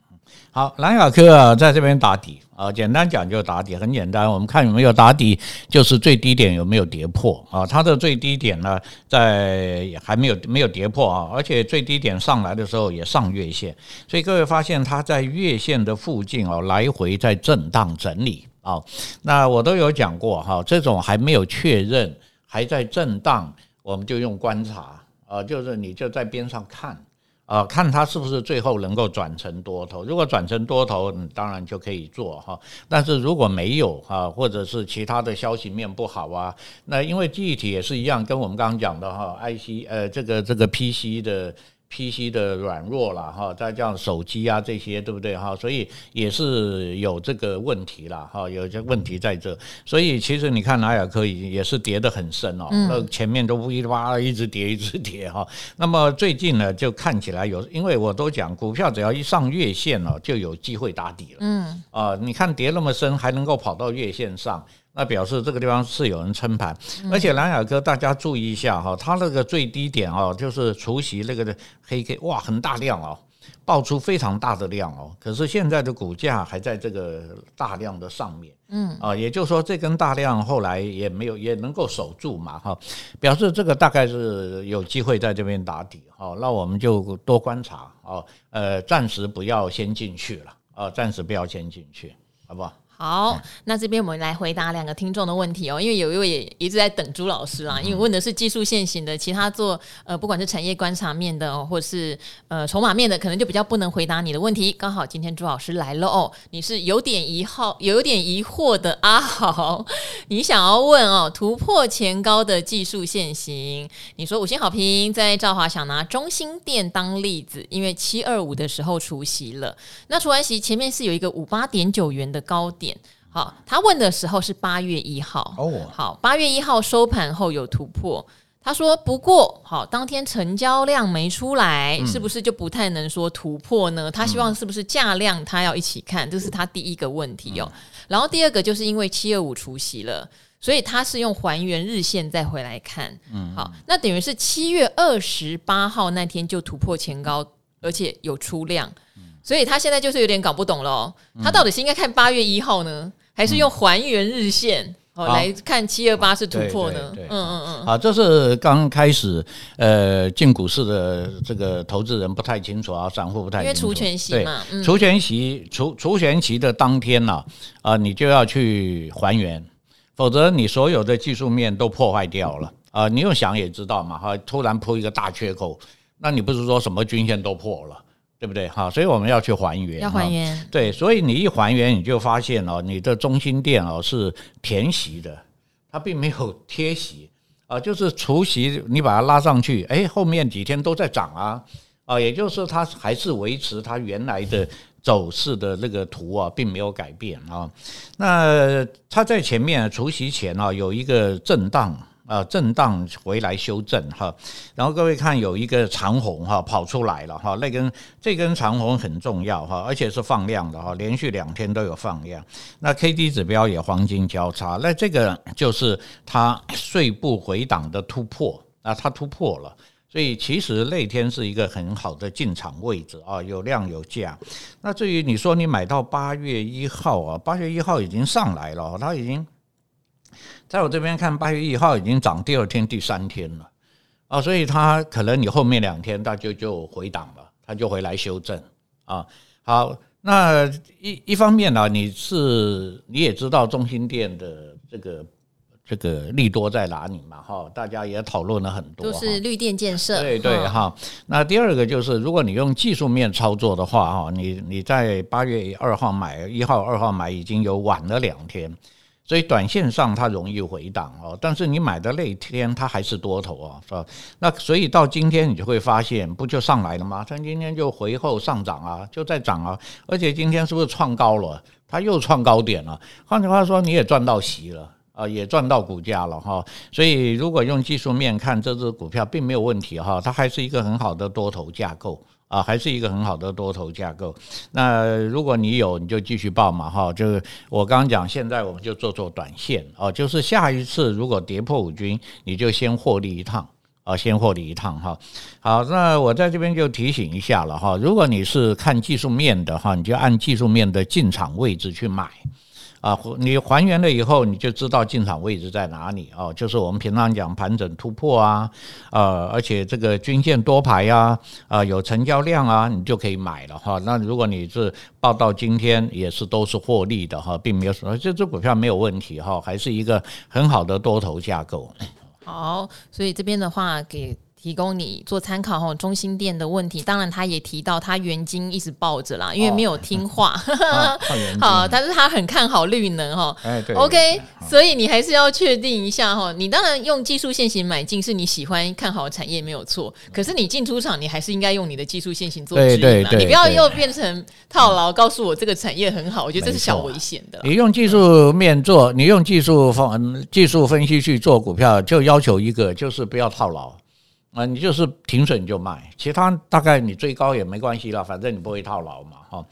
[SPEAKER 2] 好，南亞科啊，在這邊打底啊，簡單講就是打底，很簡單。我們看有沒有打底，就是最低點有沒有跌破啊？它的最低點呢，在還沒有沒有跌破啊，而且最低點上來的時候也上月線，所以各位發現它在月線的附近啊，來回在震盪整理啊。那我都有講過哈，這種還沒有確認，還在震盪，我們就用觀察啊，就是你就在邊上看。啊，看它是不是最後能夠轉成多頭，如果轉成多頭，嗯，當然就可以做哈。但是如果沒有哈，或者是其他的消息面不好啊，那因為記憶體也是一樣，跟我們剛剛講的哈，IC 呃這個這個 PC 的。P C 的軟弱了哈，再加上手機啊這些，對不對哈？所以也是有這個問題了哈，有些問題在這。所以其實你看，南亞科以也是跌得很深哦，嗯、那前面都哩哇啦一直跌一直跌哈。那麼最近呢，就看起來有，因為我都講股票只要一上月線了，就有機會打底了。嗯啊、呃，你看跌那麼深，還能夠跑到月線上。那表示這個地方是有人撐盤，而且藍雅哥，大家注意一下哈，它那個最低點哦，就是除息那個的黑 K，哇，很大量哦，爆出非常大的量哦。可是現在的股價還在這個大量的上面，嗯，啊，也就是說這根大量後來也沒有，也能夠守住嘛，哈，表示這個大概是有機會在這邊打底。好，那我們就多觀察哦，呃，暫時不要先進去了，啊，暫時不要先進去，好不好？
[SPEAKER 1] 好，那這邊我們來回答兩個聽眾的問題哦、喔，因為有一位也一直在等朱老師啊，因為問的是技術線型的，其他做呃不管是產業觀察面的，或是呃籌碼面的，可能就比較不能回答你的問題。剛好今天朱老師來了哦、喔，你是有點疑惑、有點疑惑的阿豪，你想要問哦、喔、突破前高的技術線型，你說五星好評，在趙華想拿中興電當例子，因為七二五的時候除息了，那除完息前面是有一個五八點九元的高點。好，他問的時候是八月一號，oh. 好，八月一號收盤後有突破。他說不過好，當天成交量沒出來、嗯，是不是就不太能說突破呢？他希望是不是價量他要一起看，嗯、這是他第一個問題哦。嗯、然後第二個就是因為七二五除息了，所以他是用還原日線再回來看。嗯，好，那等於是七月二十八號那天就突破前高，而且有出量。所以他現在就是有點搞不懂了、哦，他到底是應該看八月一號呢，還是用還原日線哦來看七二八是突破呢？嗯、啊對對對。嗯嗯嗯，
[SPEAKER 2] 啊，這是剛開始呃進股市的這個投資人不太清楚啊，散戶不太清楚因為除權息嘛，除、嗯、權息除除權息的當天吶、啊，啊，你就要去還原，否則你所有的技術面都破壞掉了啊，你用想也知道嘛哈、啊，突然破一個大缺口，那你不是說什麼均線都破了。對不對？哈，所以我們要去還原。要還原。對，所以你一還原，你就發現哦，你的中心點哦是填息的，它並沒有貼息啊，就是除息，你把它拉上去，哎，後面幾天都在漲啊啊，也就是它還是維持它原來的走勢的那個圖啊，並沒有改變啊。那它在前面除息前啊有一個震盪。啊，震盪回來修正哈，然後各位看有一個長紅哈跑出來了哈，那根這根長紅很重要哈，而且是放量的哈，連續兩天都有放量，那 KD 指標也黃金交叉，那這個就是它碎步回檔的突破啊，它突破了，所以其實那天是一個很好的進場位置啊，有量有價。那至於你說你買到八月一號啊，八月一號已經上來了，它已經。在我這邊看，八月一號已經漲，第二天、第三天了啊，所以它可能你後面兩天他，就就回檔了，它就回來修正啊。好，那一一方面呢，你是你也知道中興電的這個這個利多在哪裡嘛？哈，大家也討論了很多，就是
[SPEAKER 1] 綠電建設，對對哈。
[SPEAKER 2] 那第二個就是，如果你用技術面操作的話，哈，你你在八月二號買，一號、二號買已經有晚了兩天。所以短線上它容易回檔哦，但是你買的那一天它還是多頭啊，是吧？那所以到今天你就會發現，不就上來了嗎？像今天就回後上漲啊，就在漲啊，而且今天是不是創高了？它又創高點了。換句話說，你也賺到息了啊，也賺到股價了哈。所以如果用技術面看這只股票，並沒有問題哈，它還是一個很好的多頭架構。啊，還是一個很好的多頭架構。那如果你有，你就繼續抱嘛哈。就是我剛剛講，現在我們就做做短線哦。就是下一次如果跌破五均，你就先獲利一趟啊，先獲利一趟哈。好，那我在這邊就提醒一下了哈。如果你是看技術面的哈，你就按技術面的進場位置去買。啊，你還原了以後，你就知道進場位置在哪裡哦。就是我們平常講盤整突破啊，呃，而且這個均線多排呀，啊，有成交量啊，你就可以買了哈。那如果你是抱到今天，也是都是獲利的哈，並沒有什麼這隻股票沒有問題哈，還是一個很好的多頭架構。
[SPEAKER 1] 好，所以這邊的話給。提供你做參考哈，中興電的問題，當然他也提到他元晶一直抱着啦，因為沒有聽話、哦嗯 好啊，好，但是他很看好綠能哈，哎對，OK，、嗯、所以你還是要確定一下哈，你當然用技術線型買進是你喜歡看好的產業沒有錯，可是你進出場你還是應該用你的技術線型做指引，你不要又變成套牢、嗯，告訴我這個產業很好，我覺得這是小危險的。
[SPEAKER 2] 你用技術面做，嗯、你用技術方技術分析去做股票，就要求一個就是不要套牢。啊，你就是停損就賣，其他大概你追高也沒關係啦，反正你不會套牢嘛，哈。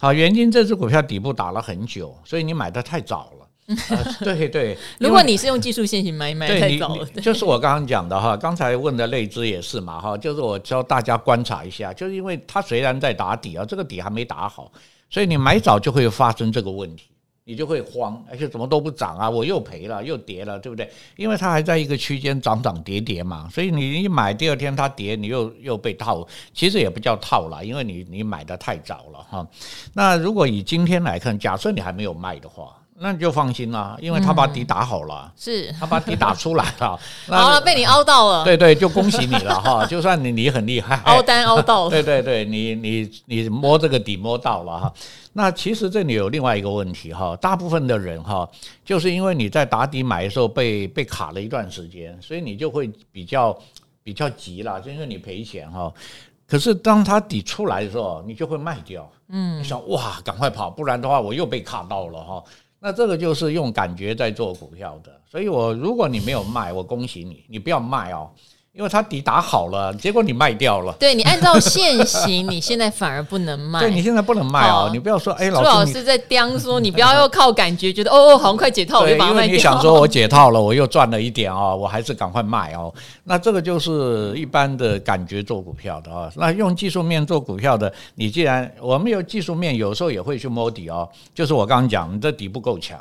[SPEAKER 2] 好，元晶這只股票底部打了很久，所以你買的太早了。 呃、對對，如果你是
[SPEAKER 1] 用技術線型買，買太早了對
[SPEAKER 2] 對。就是我剛剛講的哈，剛才問的那只也是嘛，哈，就是我教大家觀察一下，就是因為它雖然在打底啊，這個底還沒打好，所以你買早就會發生這個問題。嗯你就會慌，而且怎麼都不漲啊！我又賠了，又跌了，對不對？因為它還在一個區間漲漲跌跌嘛，所以你一買，第二天它跌，你又又被套。其實也不叫套了，因為你你買得太早了哈。那如果以今天來看，假設你還沒有賣的話。那你就放心啦，因為他把底打好了，
[SPEAKER 1] 是、嗯、他把底
[SPEAKER 2] 打出來了， 好啊，被你
[SPEAKER 1] 凹到了，對對，就恭喜你了
[SPEAKER 2] 哈， 就算你你很厲害，凹單凹到了，對對對，你你你摸這個底摸到了哈，那其實這裡有另外一個問題哈，大部分的人哈，就是因為你在打底買的時候被被卡了一段時間，所以你就會比較比較急啦，就是你賠錢哈，可是當他底出來的時候，你就會賣掉，嗯，你想哇趕快跑，不然的話我又被卡到了哈。那這個就是用感覺在做股票的，所以我如果你沒有賣，我恭喜你，你不要賣哦。因為它底打好了，結果你賣掉了。對，你按照線型，
[SPEAKER 1] 你現在反而不能賣。對，你
[SPEAKER 2] 現在不能賣哦。你不要說，哎，朱老師
[SPEAKER 1] 在叼說，你不要又靠感覺，覺得哦 哦，好像快解套，我又把它賣掉。因為你想說我解
[SPEAKER 2] 套了，我又賺了一點哦。我還是趕快賣哦。 那這個就是一般的感覺做股票的啊、哦。那用技術面做股票的，你既然我們有技術面，有時候也會去摸底哦。就是我剛剛講，你的底不夠強，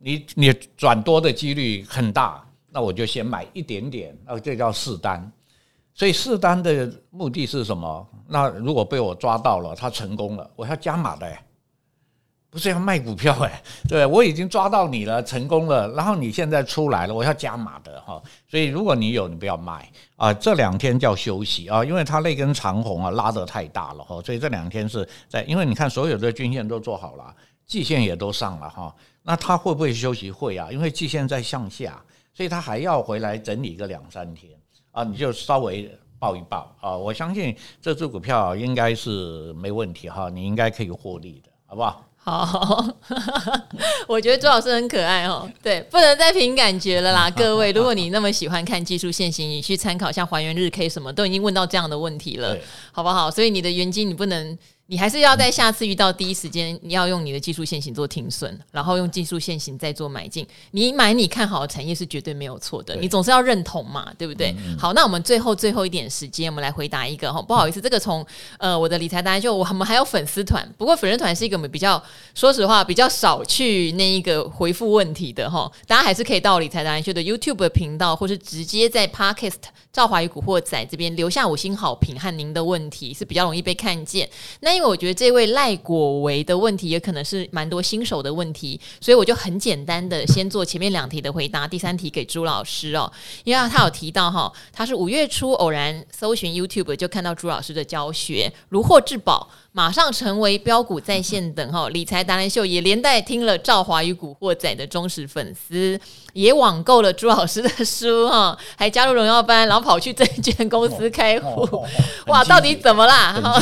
[SPEAKER 2] 你你轉多的幾率很大。那我就先買一點點，那這叫試單。所以試單的目的是什麼？那如果被我抓到了，它成功了，我要加碼的，不是要賣股票哎。對，我已經抓到你了，成功了，然後你現在出來了，我要加碼的哈。所以如果你有，你不要賣啊。這兩天叫休息啊，因為它那根長紅啊，拉得太大了哈，所以這兩天是在，因為你看所有的均線都做好了，季線也都上了哈。那它會不會休息？會啊，因為季線在向下。所以他還要回來整理個兩三天啊，你就稍微抱一抱啊，我相信這隻股票應該是沒問題哈，你應該可以獲利的，好不好？好，好
[SPEAKER 1] 呵呵，我覺得朱老師很可愛哦，對，不能再憑感覺了啦，各位，如果你那麼喜歡看技術線型，你去參考一下還原日 K 什麼，都已經問到這樣的問題了，好不好？所以你的元晶你不能。你還是要在下次遇到第一時間，你、嗯、要用你的技術線型做停損，然後用技術線型再做買進。你買你看好的產業是絕對沒有錯的，你總是要認同嘛，對不對？嗯嗯好，那我們最後最後一點時間，我們來回答一個哈，不好意思，這個從呃我的理財達人秀，我們還有粉絲團，不過粉絲團是一個我們比較說實話比較少去那一個回復問題的哈，大家還是可以到理財達人秀的 YouTube 的頻道，或是直接在 Podcast 趙華宇古惑仔這邊留下五星好評和您的問題，是比較容易被看見。那因為我覺得這位賴果維的問題也可能是蠻多新手的問題，所以我就很簡單的先做前面兩題的回答，第三題給朱老師哦，因為他有提到哈，他是五月初偶然搜尋 YouTube 就看到朱老師的教學，如獲至寶。馬上成為標股在線等哈理財達人秀，也連帶聽了趙華與古惑仔的忠實粉絲，也網購了朱老師的書哈，還加入榮耀班，然後跑去證券公司開戶、哦哦哦哦。哇，到底怎麼啦？
[SPEAKER 2] 哈，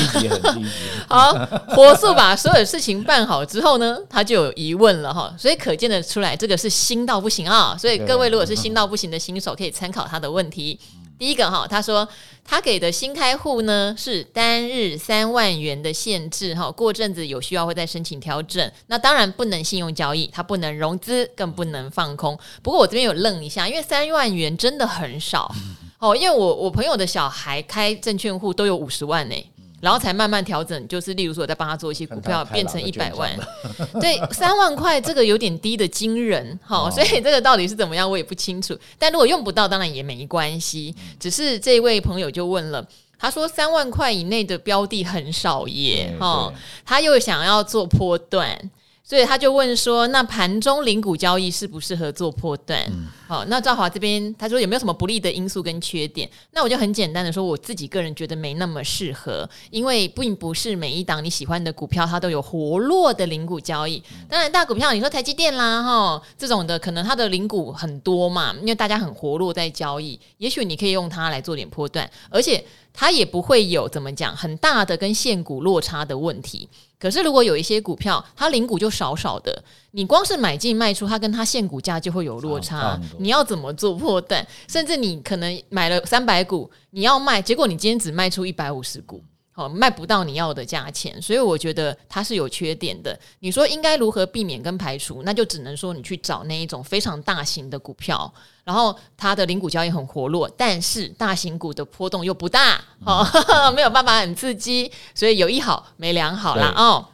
[SPEAKER 2] 好，火速
[SPEAKER 1] 把 所有事情辦好之後呢，他就有疑問了哈。所以可見得出來，這個是新到不行啊。所以各位如果是新到不行的新手，可以參考他的問題。第一個哈，他說他給的新開戶呢是單日三萬元的限制哈，過陣子有需要會再申請調整。那當然不能信用交易，他不能融資，更不能放空。不過我這邊有愣一下，因為三萬元真的很少哦，因為我我朋友的小孩開證券戶都有五十萬呢、欸。然後才慢慢調整，就是例如說，我在幫他做一些股票，變成一百萬，對，三萬塊這個有點低得驚人，哈、哦，所以這個到底是怎麼樣，我也不清楚。但如果用不到，當然也沒關係。只是這位朋友就問了，他說三萬塊以內的標的很少耶，哈、哦，他又想要做波段。所以他就問說，那盤中零股交易適不適合做波段？好、嗯哦，那趙華這邊他說有沒有什麼不利的因素跟缺點？那我就很簡單的說，我自己個人覺得沒那麼適合，因為並不是每一檔你喜歡的股票，它都有活絡的零股交易。嗯、當然大股票，你說台積電啦，哈，這種的可能它的零股很多嘛，因為大家很活絡在交易，也許你可以用它來做點波段，嗯，而且。它也不會有怎麼講很大的跟現股落差的問題。可是如果有一些股票，它零股就少少的，你光是買進賣出，它跟它現股價就會有落差。你要怎麼做波段？甚至你可能買了三百股，你要賣，結果你今天只賣出一百五十股，好、哦、賣不到你要的價錢。所以我覺得它是有缺點的。你說應該如何避免跟排除？那就只能說你去找那一種非常大型的股票。然後它的零股交易很活絡，但是大型股的波動又不大哈、嗯，沒有辦法很刺激，所以有一好沒兩好啦哦。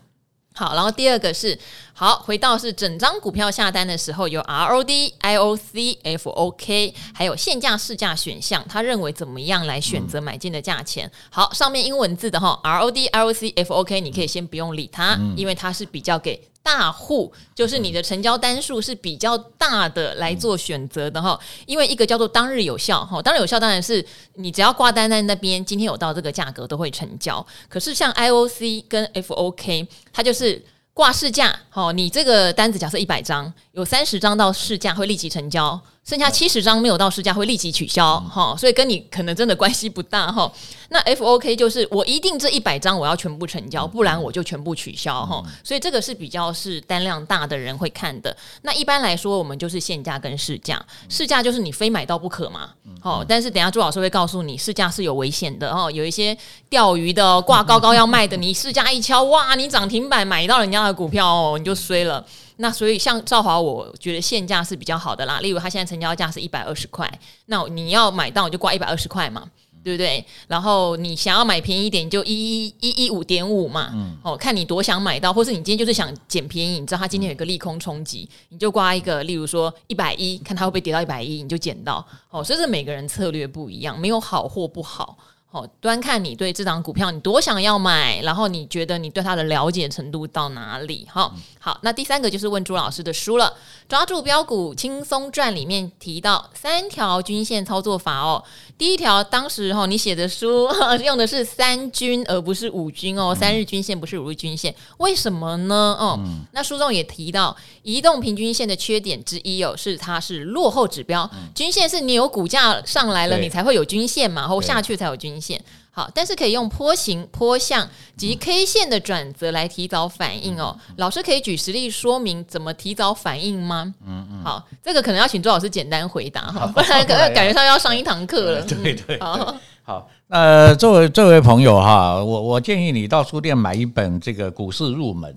[SPEAKER 1] 好，然後第二個是好，回到是整張股票下單的時候有 ROD、IOC、FOK，還有限價、市價、選項，他認為怎麼樣來選擇買進的價錢？嗯、好，上面英文字的哈 ROD、IOC、FOK，你可以先不用理它，嗯、因為它是比較給。大戶就是你的成交單數是比較大的來做選擇的哈、嗯，因為一個叫做當日有效哈，當日有效當然是你只要掛單在那邊，今天有到這個價格都會成交。可是像 IOC 跟 FOK，它就是掛市價哈，你這個單子假設一百張，有三十張到市價會立即成交。剩下七十張沒有到市價會立即取消、嗯哦、所以跟你可能真的關係不大、哦、那 FOK 就是我一定這一百張我要全部成交、嗯，不然我就全部取消、嗯哦、所以這個是比較是單量大的人會看的。那一般來說我們就是限價跟市價，市價就是你非買到不可嘛。嗯、哦，但是等一下朱老師會告訴你，市價是有危險的哦。有一些釣魚的掛高高要賣的，你市價一敲、嗯嗯嗯，哇，你漲停板買到人家的股票、哦，你就衰了。那所以像兆華，我覺得現價是比較好的啦。例如，它現在成交價是一百二十塊，那你要買到就掛一百二十塊嘛，對不對？然後你想要買便宜一點，你就一一一一五點五嘛、嗯，哦，看你多想買到，或是你今天就是想撿便宜，你知道它今天有個利空衝擊，你就掛一個，例如說一百一，看它會不會跌到一百一，你就撿到。哦，所以是每個人策略不一樣，沒有好或不好。哦，端看你對這檔股票你多想要買，然後你覺得你對它的了解程度到哪裡？哈、哦嗯，好，那第三個就是問朱老師的書了，抓住飆股輕鬆賺裡面提到三條均線操作法哦，第一條當時哈，你寫的書用的是三均而不是五均哦，三日均線不是五日均線，為什麼呢？哦，那書中也提到移動平均線的缺點之一哦，是它是落後指標，均線是你有股價上來了你才會有均線嘛，然後下去才有均線。好，但是可以用波形、波向及 K 線的轉折來提早反應哦、嗯。老師可以舉實例說明怎麼提早反應嗎？嗯嗯，好，這個可能要請周老師簡單回答哈、嗯嗯，不然感覺上要上一堂課了，了。對對，
[SPEAKER 2] 對、嗯，好，好。呃、作為作為朋友哈，我我建議你到書店買一本這個股市入門。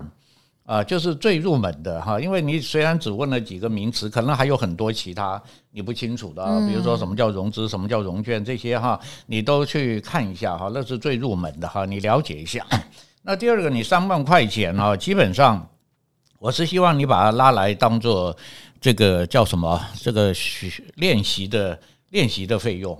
[SPEAKER 2] 啊，就是最入門的哈，因為你雖然只問了幾個名詞，可能還有很多其他你不清楚的，比如說什麼叫融資，什麼叫融券，這些哈，你都去看一下哈，那是最入門的哈，你了解一下。那第二個，你三萬塊錢哈，基本上我是希望你把它拉來當做這個叫什麼，這個學練習的練習的費用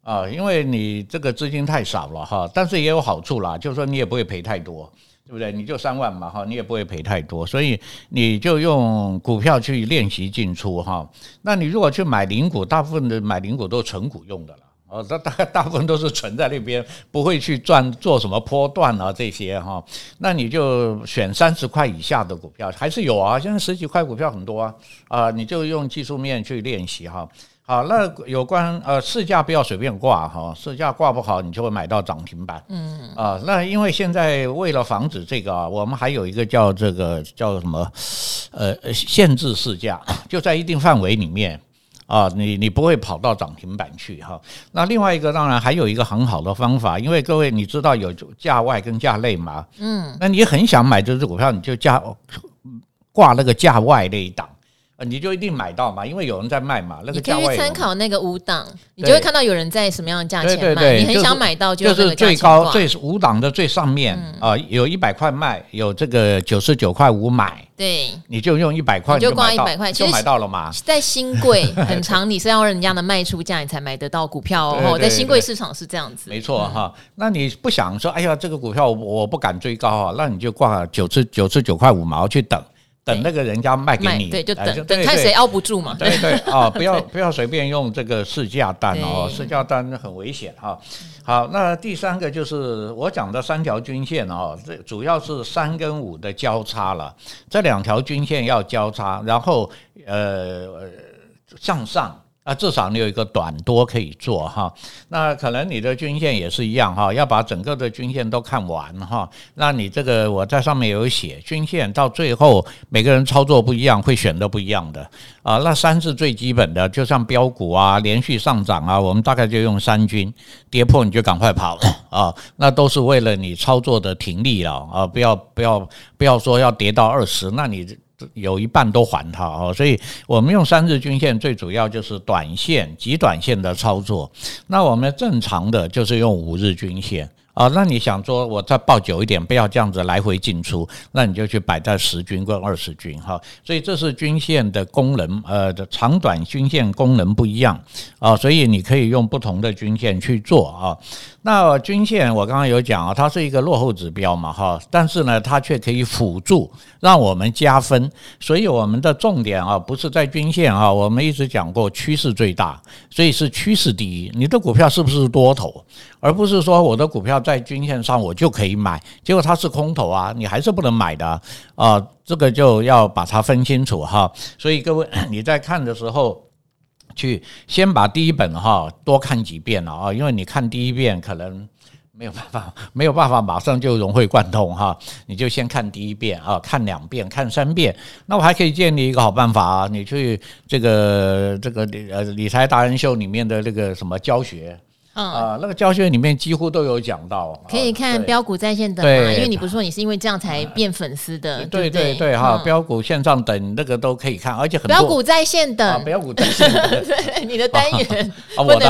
[SPEAKER 2] 啊，因為你這個資金太少了哈，但是也有好處啦，就是說你也不會賠太多。對不對？你就三萬嘛哈，你也不會賠太多，所以你就用股票去練習進出哈。那你如果去買零股，大部分的買零股都是存股用的了，哦，那大大部分都是存在那邊，不會去賺做什麼波段啊這些哈。那你就選三十塊以下的股票，還是有啊，現在十幾塊股票很多啊，啊，你就用技術面去練習哈。好，那有關呃市價不要隨便掛哈，市價掛不好，你就會買到漲停板。嗯啊，那因為現在為了防止這個啊，我們還有一個叫這個叫什麼呃限制市價，就在一定範圍裡面啊，你你不會跑到漲停板去哈，啊。那另外一個當然還有一個很好的方法，因為各位你知道有價外跟價內嘛，嗯，那你很想買這隻股票，你就價掛那個價外那一檔。你就一定買到嘛，因為有人在賣嘛。那個，有有你可以參
[SPEAKER 1] 考那個五檔，你就會看到有人在什麼樣的價錢賣。對對對對。你很想買到就，就是最高最
[SPEAKER 2] 五檔的最上面，嗯、啊，有一百塊賣，有這個九十九塊五買。對，你就用一百塊，你就掛一百塊錢，就買到了嘛。在
[SPEAKER 1] 興櫃，很常，你是要人家的賣出價，你才買得到股票哦。對對對對，在興櫃市場是這樣子，沒錯
[SPEAKER 2] 哈，嗯。那你不想說，哎呀，這個股票我我不敢追高啊，那你就掛九十九十九塊五毛去等。等那個人家賣給你，對，就等，等看誰熬不
[SPEAKER 1] 住嘛。對對啊、哦，不要
[SPEAKER 2] 不要隨便用這個市價單哦，市價單很危險哈。好，那第三個就是我講的三條均線哦，這主要是三跟五的交叉了，這兩條均線要交叉，然後呃向上。啊，至少你有一個短多可以做哈，那可能你的均線也是一樣哈，要把整個的均線都看完哈。那你這個我在上面有寫，均線到最後每個人操作不一樣，會選擇不一樣的啊。那三是最基本的，就像標股啊，連續上漲啊，我們大概就用三均跌破你就趕快跑了啊。那都是為了你操作的停力了啊，啊，不要不要不要說要跌到二十，那你。有一半都還他哦，所以我們用三日均線最主要就是短線、極短線的操作。那我們正常的就是用五日均線。啊，那你想說我再抱久一點，不要這樣子來回進出，那你就去擺在十均跟二十均哈。所以這是均線的功能，呃的長短均線功能不一樣啊，所以你可以用不同的均線去做啊。那均線我剛剛有講啊，它是一個落後指標嘛哈，但是呢，它卻可以輔助讓我們加分。所以我們的重點啊，不是在均線啊，我們一直講過趨勢最大，所以是趨勢第一。你的股票是不是多頭？而不是說我的股票在均線上我就可以買，結果它是空頭啊，你還是不能買的啊。呃，這個就要把它分清楚哈。所以各位你在看的時候，去先把第一本哈多看幾遍了啊，因為你看第一遍，可能沒有辦法沒有辦法馬上就融會貫通哈，你就先看第一遍啊，看兩遍、看三遍。那我還可以建議一個好辦法啊，你去這個這個呃理財達人秀裡面的那個什麼教學。啊、嗯呃，那個教學裡面幾乎都有講到、呃，可以
[SPEAKER 1] 看飆股在線等嘛，因為你不是說你是因為這樣才變粉絲的對，對對對哈、嗯，
[SPEAKER 2] 飆股線上等那個都可以看，而且很多飆股
[SPEAKER 1] 在線等，嗯啊、飆股在線等，等， 你的單元，啊啊、我的、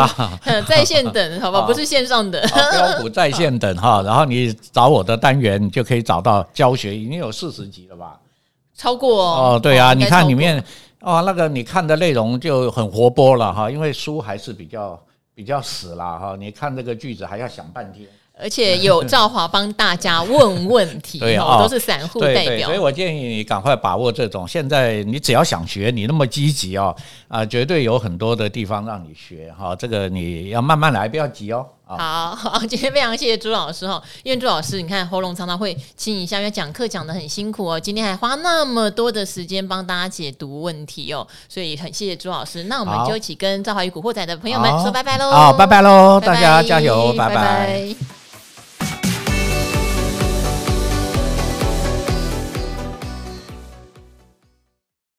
[SPEAKER 1] 嗯，在線等，好吧、啊，不是線上的、啊
[SPEAKER 2] 啊，飆股在線等哈、啊，然後你找我的單元，就可以找到教學，已經有四十集了吧？
[SPEAKER 1] 超過哦、啊，對啊，你看裡面
[SPEAKER 2] 哦、啊，那個你看的內容就很活潑了哈，因為書還是比較。比較死啦哈，你看這個句子還要想半天，而且有趙
[SPEAKER 1] 華幫大家問
[SPEAKER 2] 問題， 哦、都是散戶代表對對對，所以我建議你趕快把握這種。現在你只要想學，你那麼積極哦，啊，絕對有很多的地方讓你學哈、哦。這個你要慢慢來，不要急哦。
[SPEAKER 1] Oh. 好，好，今天非常謝謝朱老師哈，因為朱老師你看喉嚨常常會清一下，因為講課講得很辛苦哦，今天還花那麼多的時間幫大家解讀問題哦，所以很謝謝朱老師，那我們就一起跟《趙懷玉古惑仔》的朋友們說拜拜嘍，好，拜拜嘍，大家加油，拜拜。